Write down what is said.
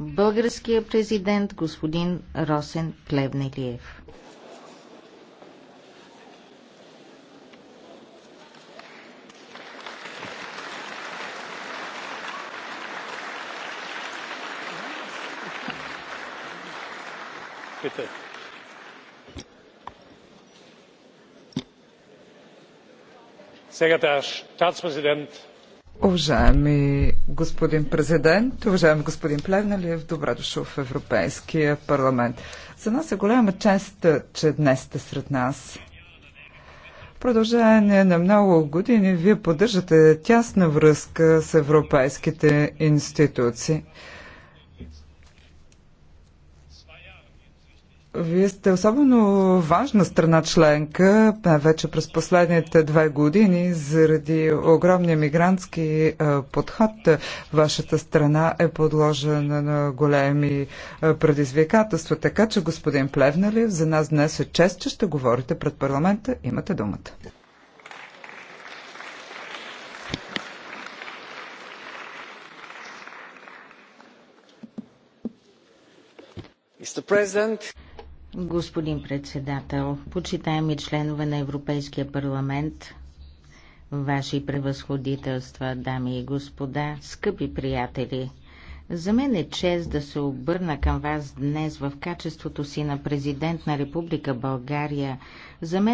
Българският президент господин Росен Плевнелиев. Bitte. Sehr geehrter Herr Staatspräsident Уважаеми господин президент, уважаеми господин Плевналиев, добре дошъл в Европейския парламент. За нас е голяма чест, че днес сте сред нас. В продължение на много години вие поддържате тясна връзка с европейските институции. Вие сте особено важна страна членка, вече през последните две години, заради огромния мигрантски подход. Вашата страна е подложена на големи предизвикателства. Така че, господин Плевналив, за нас днес е чест, че ще говорите пред парламента. Имате думата. Mr. President, Господин председател, почитаеми членове на Европейския парламент, ваши превъзходителства, дами и господа, скъпи приятели, за мен е чест да се обърна към вас днес в качеството си на президент на Република България. За мен